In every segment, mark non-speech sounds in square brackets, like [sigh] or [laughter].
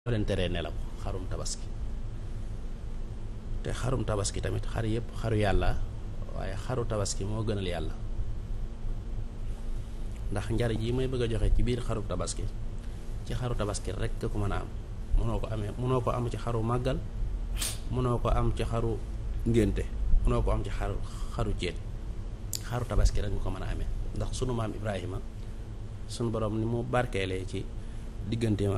daf leen teree nelaw xarum tabaski te xarum tabaski tamit xar yépp xaru yàlla waaye xaru tabaski moo gënal yàlla ndax njariñ yi may bëgg a joxe ci biir xaru tabaski ci xaru tabaski rek ko mën a am mënoo ko amee mënoo ko am ci xaru màggal mënoo ko am ci xaru ngénte mënoo ko am ci xaru xaru xaru tabaski rek nga ko mën a amee ndax sunu maam Ibrahima sunu borom ni mu barkeelee ci digganteem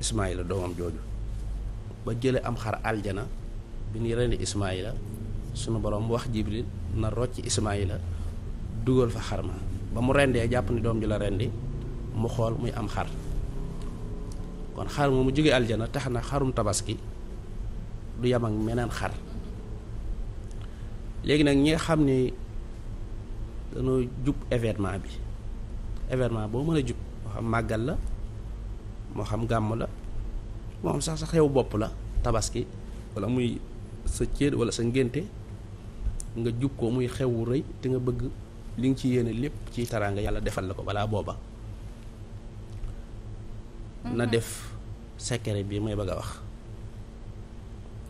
Ismaayila doomam jooju ba jële am xar aljana bi ñu rendi Ismaayila sunu borom wax Jibril na rocc Ismaayila dugal fa xar ma ba mu rendee jàpp ni doom ji la rendi mu xool muy am xar kon xar moomu jóge aljana tax na xarum tabaski du yam ak meneen xar léegi nag ñi nga xam ni dañoo jub événement bi événement boo mën a jub moo xam màggal la moo xam gàmm la moo xam sax sa xew bopp la tabaski wala muy sa céet wala sa ngénte nga jub ko muy xewwu rëy te nga bëgg li nga ci yéene lépp ci taraanga yàlla defal la ko balaa booba na mhm. def secret bi may bëgg a wax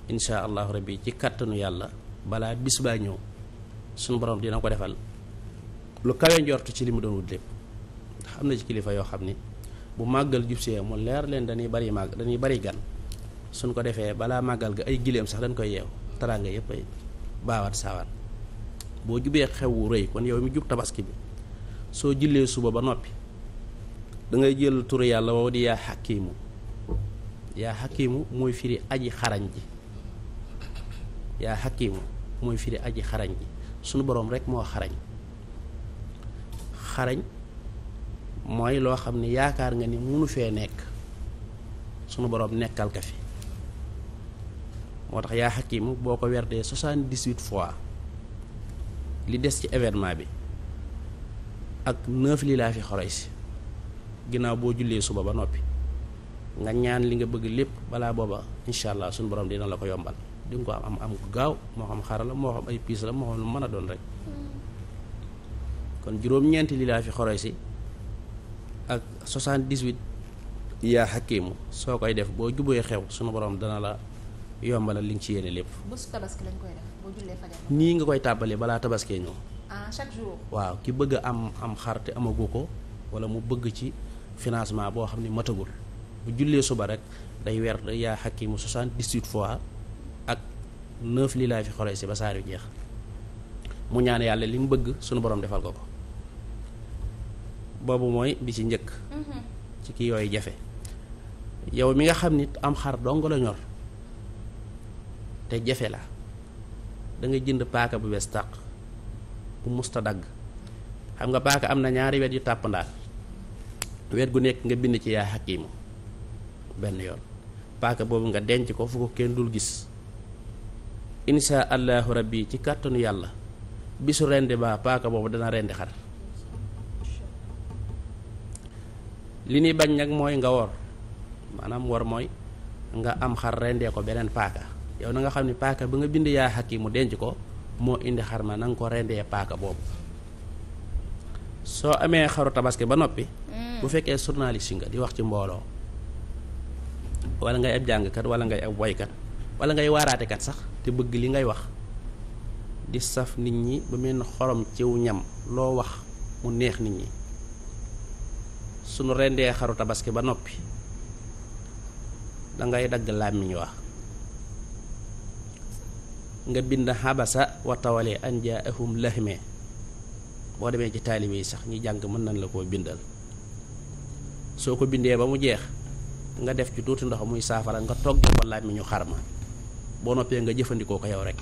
insha allahu rabbi ci kàttanu yàlla balaa bis baa ñëw suñu borom dina ko defal lu kawe ci li mu doon wut lépp ndax am na ci kilifa yoo xam ni bu màggal jub see mu leer leen dañuy bari màgg dañuy bari gan suñ ko defee balaa màggal ga ay gileem sax dañ koy yeew taraanga yëpp ay baawaat saawaat boo jubee xewu rëy kon yow mi jub tabaski bi soo jullee suba ba noppi dangay jël turu yàlla wow di yaa xakiimu yaa xakiimu mooy firi aji xarañ ji yaa xakiimu mooy firi aji xarañ ji sunu boroom rekk moo xarañ xarañ mooy loo xam ne yaakaar nga ni munu fee nekk sunu boroom nekkal ka fi moo tax yaa xakimu boo ko werdee soixante-dix-huit fois li des ci événement bi ak neuf li laa fi xoroy si ginnaaw boo jullee suba ba noppi nga ñaan li nga bëgg lépp balaa booba incha allah sunu borom dina la ko yombal di ko am am gaaw moo xam xara moo xam ay piis la moo xam lu mën a doon rek mm. kon juróom-ñeenti li laa fi xoroy si ak 78 yaa xakimu soo koy def boo jubee xew sunu borom dana la yombalal li nga ci yéene lépp. bésu tabaski nii nga koy tàmbalee balaa tabaskee ñëw. ah waaw ki bëgg am am xar amagu ko wala mu bëgg ci financement boo xam ne matagul bu jullee suba rek day weer yaa xakimu 78 fois ak 9 li laay fi xoree si ba saar yu jeex mu ñaan yàlla li mu bëgg sunu borom defal ko ko. boobu mooy bi ci njëkk mm-hmm. ci kii yooyu jafe yow mi nga xam nit am xar dong la ñor te jafe la da jënd paaka bu wees tàq bu musta dagg xam nga paaka am na ñaari wet yu tàppandaal wet gu nekk nga bind ci yaa xakiimu benn yoon paaka boobu nga denc ko fu ko kenn dul gis insha allahu rabbi ci kàttanu yàlla bisu rendi ba paaka boobu dana rendi xar li nuy bañ nag mooy nga wor maanaam wor mooy nga am xar rendee ko beneen paaka yow na nga xam ni paaka bi nga bind yaa xakki mu denc ko moo indi xar ma na nga ko rendee paaka boobu soo amee xaru tabaski ba noppi bu mm. fekkee journaliste nga di wax ci mbooloo wala ngay ab jàngkat wala ngay ab woykat wala ngay waaraatekat sax te bëgg li ngay wax di saf nit ñi ba mel ni xorom ciw ñam loo wax mu neex nit ñi suñu rendee xaru tabaski ba noppi da ngay dagg làmmiñ wa nga bind xabasa wa tawale an jaahum lahme boo demee ci taalibe yi sax ñi jàng mën nañ la koo bindal soo ko bindee ba mu jeex nga def ci tuuti ndox muy saafara nga togg ko làmmiñu xar ma boo noppee nga jëfandikoo ko yow rek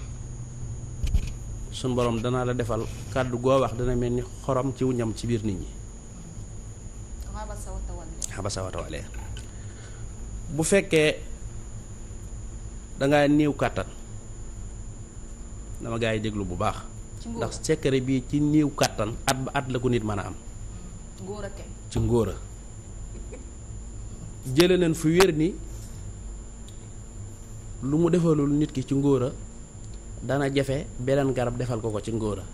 suñ boroom danaa la defal kàddu goo wax dana mel ni xorom ci wuñam ci biir nit ñi xabasa watawale bu fekkee dangaa néew kàttan dama gaa yi déglu bu baax ndax secret bii ci néew kàttan at ba at la ko nit mën a am ci ngóora jële nañ fu wér ni lu mu defalul nit ki ci ngóora dana jafe beneen garab defal ko ko ci ngóora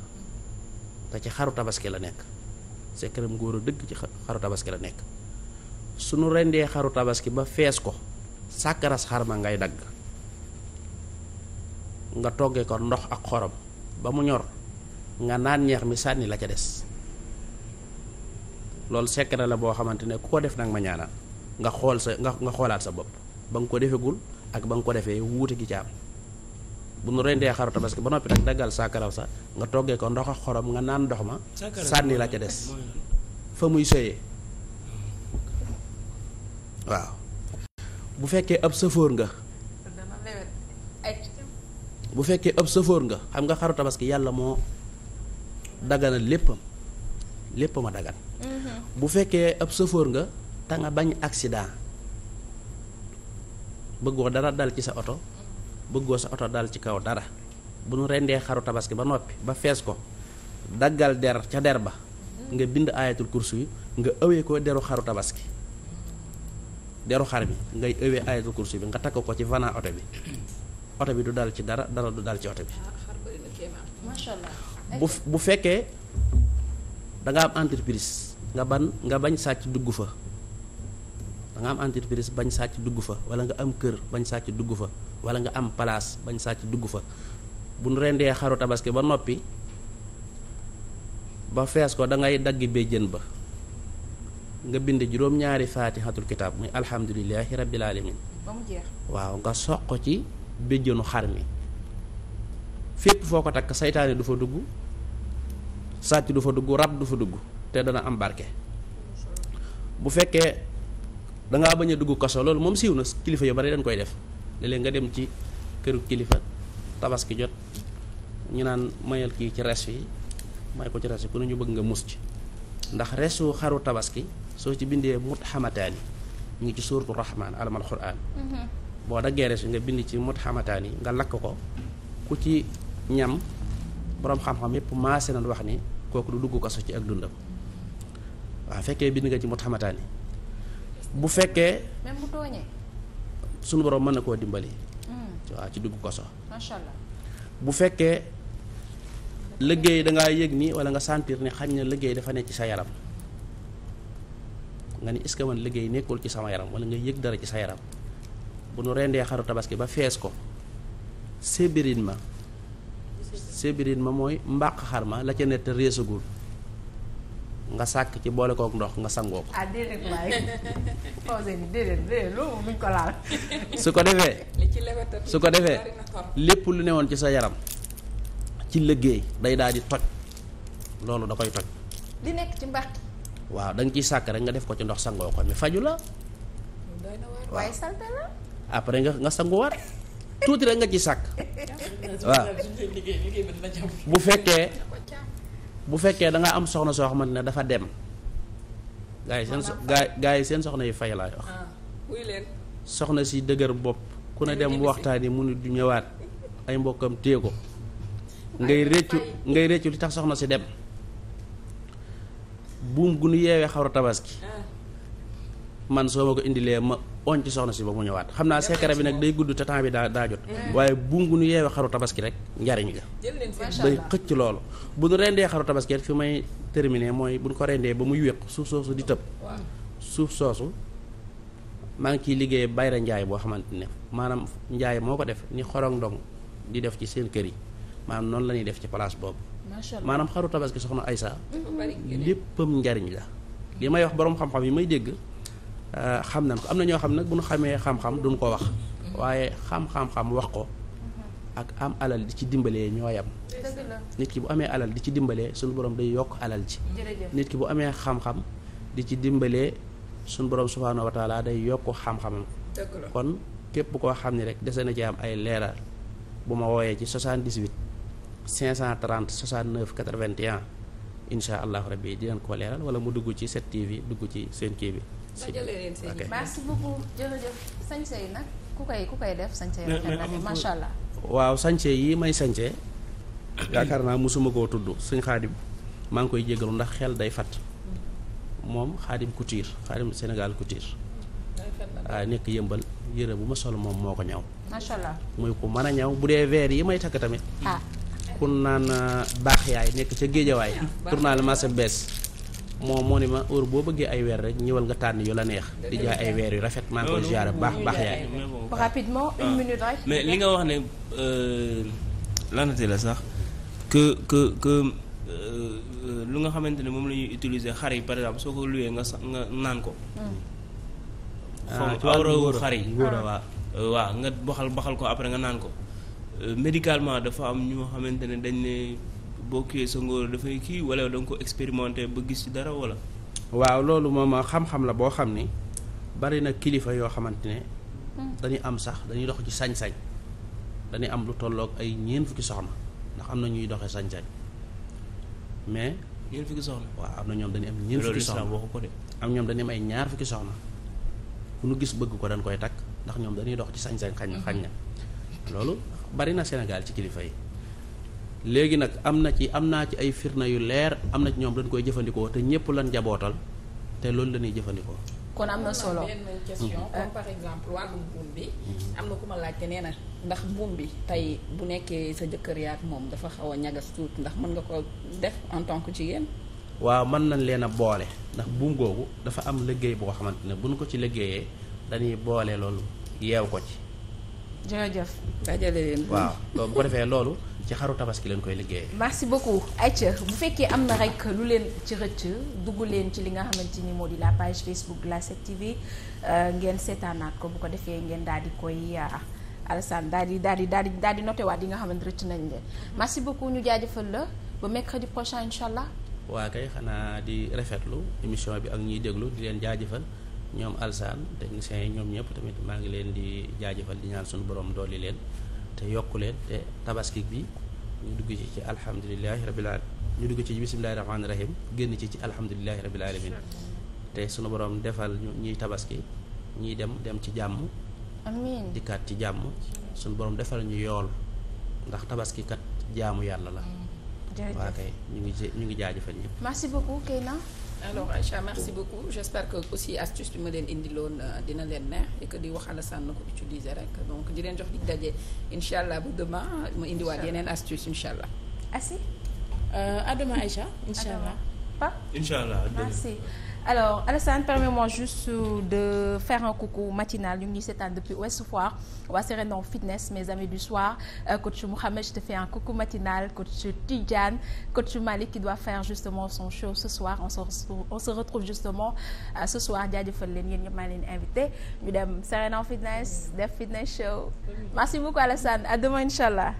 te ci xaru tabaski la nekk secret ngóor a dëgg ci xaru tabaski la nekk su nu rendee xaru tabaski ba fees ko sàkkaras xar ma ngay dagg nga togge ko ndox ak xorom ba mu ñor nga naan ñeex mi sànni la ca des loolu secret la boo xamante ne ku ko def nag ma ñaanaan nga xool sa nga nga xoolaat sa bopp ba nga ko defegul ak ba nga ko defee wuute gi ci bu nu rendee xaru tabaski ba noppi nag daggal sa karaw nga toggee ko ndox ak xorom nga naan ndox ma sànni la ca des fa muy soyee waaw bu fekkee ab sëfoor nga bu fekkee ab sëfoor nga xam nga xaru tabaski yàlla moo dagana léppam lépp ma dagan mm-hmm. bu fekkee ab sëfoor nga te nga bañ accident bëggoo dara dal ci sa oto bëggoo sa oto dal ci kaw dara bu nu rendee xaru tabaski ba noppi ba fees ko daggal der ca der ba nga bind aayatul kursu yi nga ëwee ko deru xaru tabaski deru xar bi ngay ëwee aayatul kursu bi nga takk ko ci vana oto bi oto bi du dal ci dara dara du dal ci oto bi bu bu fekkee da nga am entreprise nga ban nga bañ sàcc dugg fa da nga am entreprise bañ sàcc dugg fa wala nga am kër bañ sàcc dugg fa wala nga am place bañ sàcc dugg fa bu nu rendee xaru tabaski ba noppi ba fees ko dangay ngay dagg béjjën ba nga bind juróom-ñaari faatixatul kitaab muy alhamdulilahi rabbil bi ba mu jeex waaw nga soq ci béjjënu xar mi fépp foo ko takk saytaane du fa dugg sàcc du fa dugg rab du fa dugg te dana am barke bu fekkee dangaa bañ a dugg kaso loolu moom siiw na kilifa yu bari dañ koy def léeg nga dem ci këru kilifa tabaski jot ñu naan mayal kii ci res yi may ko ci res yi ku ne ñu bëgg nga mus ci ndax resu xaru tabaski soo ci bindee mut xamataani ñu ngi ci suuratu rahmaan alamal quraan mhm. boo daggee res yi nga bind ci mut xamataani nga lakk ko ku ci ñam boroom xam-xam yépp maase nañ wax ni kooku du dugg kaso ci ak dundam waaw fekkee bind nga ci mut xamataani bu fekkee sunu borom mën na koo dimbali. waaw ci dugg koso. macha allah bu fekkee liggéey da ngaa yëg ni wala nga sentir ne xañ na liggéey dafa nekk ci sa yaram nga ni est-ce que man liggéey nekkul ci sama yaram wala nga yëg dara ci sa yaram bu nu rendee xaru tabaski ba fees ko sébirin ma sébirin ma mooy mbaq xar ma la ca nett réesagul nga sàkk ci boole kook ndox nga sangoo ko. ah déedéet [laughs] ko laal. [laughs] su ko defee lépp lu ne woon ci sa yaram ci liggéey day daal di toj loolu da koy toj. li nekk ci mbax. waaw da nga sàkk rek nga def ko ci ndox sangoo ko mais faju la. waaye salte la. après nga nga sanguwaat tuuti rek nga ciy sàkk. [laughs] waaw bu fekkee. bu fekkee da nga am soxna soo xamante na dafa dem. gaa yi seen so gaa yi seen soxna yi fay laay wax. Ah, soxna si dëgër bopp ku ne dem waxtaan yi mu ne du ñëwaat ay mbokkam téye ko ngay réccu ngay réccu li tax soxna si dem buum gu nu yeewee xaru tabaski. Ah. man soo ma ko indilee ma oñ ci soxna si ba mu ñëwaat xam naa secret bi nag day gudd te bi daa daa jot mm. waaye bungu nu yeewe xaru tabaski rek njariñ la day xëcc loolu bu nu rendee xaru tabaski rek fi may terminer mooy bu ñu ko rendee ba muy wéq suuf soosu di tëb suuf soosu maa ngi ciy liggéey bayra njaay boo xamante ne maanaam njaay moo ko def ni xorong dong di def ci seen kër yi maanaam noonu la ñuy def ci place boobu maanaam xaru tabaski soxna Aysa [laughs] léppam njariñ la li may wax boroom xam yi may dégg Euh, xam nañ ko am na ñoo xam nag bu ñu xamee xam-xam duñ ko wax waaye xam xam wax ko ak am alal di ci dimbalee ñooyam nit ki bu amee alal di ci dimbalee suñu borom day yokk alal ji nit ki bu amee xam di ci dimbalee suñu borom subhaanahu wa taala day yokk xam-xamam kon képp koo xam ne rek dese na ci am ay leeral bu ma wooyee ci 78 530 69 81 incha allah rabbi dinañ ko leeral wala mu dugg ci 7TV dugg ci seen kii bi nga jëlee yi nag ku koy def sañse yi macha waaw sañse yi may sañse yaakaar naa mosuma koo tudd suñ xaadim maa ngi koy jégalu ndax xel day fat moom xaadim couture xaadim Sénégal couture waaw ah, nekk yëmbal yére bu ma sol moom moo ko ñaw macha allah muy ku mën a ñaw bu dee weer yi may takk tamit ah. kun naan ah, baax yaay nekk ca géejawaay tournal marché bees moo moo ne ma heure boo bëggee ay weer rek ñëwal nga tànn yu la neex di jaay ay weer yu rafet maa ngi koy ziare baax baax yaay. rapidement une ah. minute rek. mais li nga wax ne euh, lanate la sax que que que. Euh, lu nga xamante ne moom la ñuy utiliser xar yi par exemple soo ko luwee nga sa nga naan ko. Hmm. Ah, ah awrawu xar yi waaw euh, waaw nga baxal baxal ko après nga naan ko médicalement dafa am ñoo xamante ne dañ ne. boo kiiyee sa ngóor dafay kii walla da nga ko expérimenté ba gis ci dara wala. waaw loolu moom xam-xam la boo xam ni bari na kilifa yoo xamante ne. dañuy am sax dañuy dox ci sañ-sañ. dañuy am lu tolloog ay ñeent fukki soxna ndax am na ñuy doxee sañ-sañ mais. ñeent fukki soxna waaw am na ñoom dañuy am ñeent fukki soxna am ñoom dañuy ay ñaar fukki soxna. ku gis bëgg ko dañ koy takk ndax ñoom dañuy dox ci sañ-sañ xañ na mm-hmm. loolu bari na Sénégal ci kilifa yi. léegi nag am na ci am naa ci ay firna yu leer am na ci ñoom dañ koy jëfandikoo te ñëpp lan jabootal te loolu la jëfandikoo. kon am na solo benn question mm-hmm. par exemple wàllum buum bi. Mm-hmm. am na ku ma laajte nee na ndax buum bi tey bu nekkee sa jëkkër yaak moom dafa xaw a ñagas tuut ndax mën nga ko def en tant que jigéen. waaw mën nañ leen a boole ndax buum googu dafa am liggéey boo xamante ne buñ ko ci liggéeyee dañuy boole loolu yeew ko ci. jërëjëf dajale leen. waaw bu ko defee loolu. ci xaru tabaski leen koy liggéeyee. merci ay Aïcha bu fekkee am na rek lu leen ci rëcc dugg leen ci li nga xamante ni moo di la page Facebook de la 7TV euh, ngeen seetaanaat ko bu ko defee ngeen daal di koy euh, Alassane daal di daal di daal di daal di noté yi nga xamante rëcc nañ leen. merci beaucoup ñu jaajëfal la ba mercredi prochain incha allah. waa kay xanaa di rafetlu émission bi ak ñuy déglu di leen jaajëfal. ñoom alsaan techniciens yi ñoom ñëpp tamit maa ngi leen di jaajëfal di ñaan suñu borom dooli leen te yokku leen te tabaski bi ñu dugg ci ci alhamdulilahi rabil alamin ñu dugg ci bismillahi rahmaani rahim génn ci ci alhamdulilahi rabil alamin te sunu borom defal ñu ñuy tabaski ñuy dem dem ci jàmm amiin dikkaat ci jàmm sunu borom defal ñu yool ndax tabaski kat jaamu yàlla la mm. jërëjëf waaw kay ñu ngi jé ñu ngi jaajëfal ñëpp. merci beaucoup Keyna. alors Aïcha merci beaucoup j' que aussi astuce bi ma leen indiloon euh, dina leen neex et que di wax Alassane na ko utiliser rek donc di leen jox di daje incha allah bu demain euh, ma indiwaat yeneen astuce incha allah. asi. Euh, à demain Aïcha. incha allah Pape. incha allah merci. alors Alassane permets-moi juste euh, de faire un coucou matinal ñu ngi ñuy seetaan depuis Ouest Foire waa Serendon Fitness mes amis du soir euh, coach Mohamed je te fais un coucou matinal coach Tidiane coach Malik qui doit faire justement son show ce soir on se on se retrouve justement euh, ce soir jaajëfal leen yéen ñëpp maa leen invité ñu dem Serendon Fitness def fitness show merci beaucoup Alassane à demain inchallah